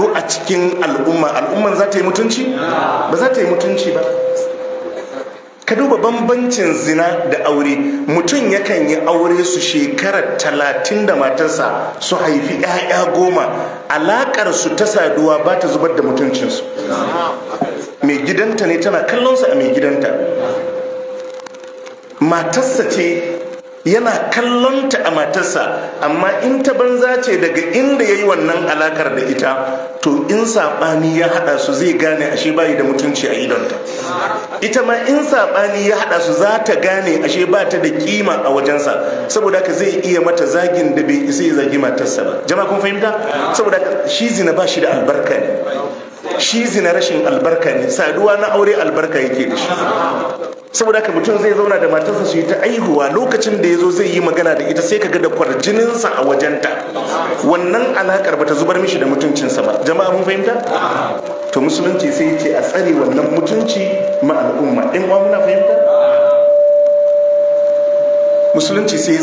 ko a cikin al'umma al'umman za ta yi mutunci ba za ta yi mutunci ba ka duba bambancin zina da aure mutum yakan yi aure su shekarar talatin da matarsa su haifi 'ya'ya goma alakar su ta saduwa ba ta zubar da mutuncinsu mai gidanta ne tana kallonsa a mai gidanta matarsa ce yana kallonta a matarsa amma in ta banza ce daga inda ya yi wannan alakar da ita to in saɓani ya haɗa su zai gane ashe bayi da mutunci a idonta ita ma in saɓani ya haɗa su za ta gane ashe ba ta da kima a wajensa saboda haka zai iya mata zagin da bai isa ya zagi matarsa ba jama'a kun fahimta saboda shi zina ba shi da albarka ne shi zina rashin albarka ne saduwa na aure albarka yake da shi saboda haka mutum zai zauna da matarsa su yi ta aihuwa lokacin da ya zo zai yi magana da ita sai ka ga da kwarjininsa a wajenta wannan alakar bata zubar mishi da mutuncinsa ba jama'a mun fahimta to musulunci sai ce a tsare wannan mutunci ma al'umma in muna fahimta musulunci sai